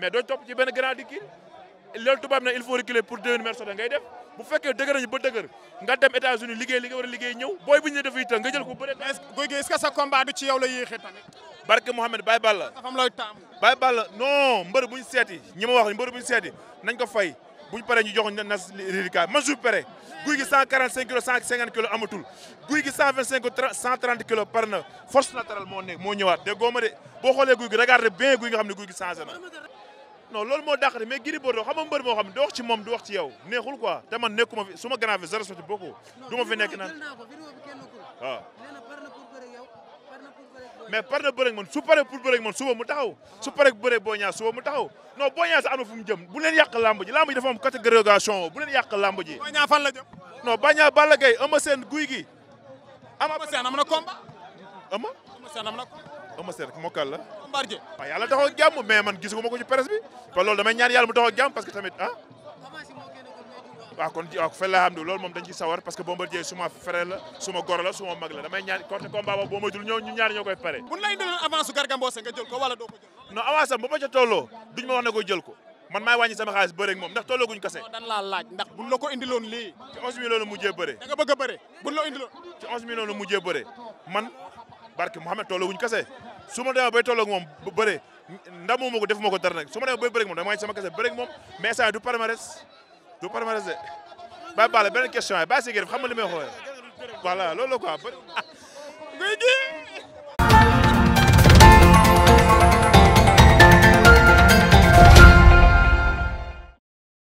mais doo topp ci benn grand di kii tubaab na il faut reculer pour devenir meilleur soldat ngay def bu fekkee dëgër nañu ba dëgër nga dem États-Unis liggéey li nga war a liggéey ñëw booy bu ñu ne dafay të nga jël ko bëre. est-ce que est-ce que sa ci yow la yéexee tamit. barke Mohamed Baye Balla. dafa am non mbër bu seeti ñi ma wax mbër bu ñu seeti nañ ko fay bu ñu ñu jox na rédicat man su pare Gouye Gui 145 kilos 150 kilos amatul Gouye Gui 125 130 moo nekk moo boo xoolee Gouye Gui regarde bien non loolu moo dàqate mais Gris Bordeaux xam nga mbër moo xam ne doo moom du wax ci yow neexul quoi te man nekkuma fi su ma grand fi zéro sotti beaucoup du ma fi nekk naan waaw ah. mais par na bëreeg man su paree pour bëreeg man suba mu taxaw su ah. paree bëreeg Boy Niang suba mu taxaw noo Boy Niang sax am fu mu jëm bu leen yàq lamb ji lamb ji dafa am catégoriation bu leen yàq lamb ji Boy Niang fan la jëm non Boy Niang Balla Gaye Eumeu seen guy gi ama Eumeu am na combat ama Eumeu Sène na Eumeu Sène mokkal la. Bombardier waaw yàlla taxaw ak jàmm mais man gisuma ko ci presse bi. te loolu damay ñaan yàlla mu taxaw ak jàmm parce que tamit ah. waaw kon waaw fële laa moom dañ ci sawar parce que Bombardier suma frère la suma goro la suma mag la damay ñaan côté combat boobu ñu ñaar ñoo koy pare. bu la indiloon avance Garga Mbossé nga avance am ca tolloo duñ ma wax ne ko jël ko man maay wàññi sama xaalis bëre moom ndax tolloo guñ kase. ndax buñ la ko indiloon a barke Mouhamed tolloo wuñ kase su ma demee bay tolloo ak moom bu bëree ndamu ko defuma ko dara nag su ma demee bay bëreeg moom damay kase bëreeg moom mais saa du palmarès du palmarès de. ba bala beneen question waaye bàyyi si gerte xam nga li may xoolee voilà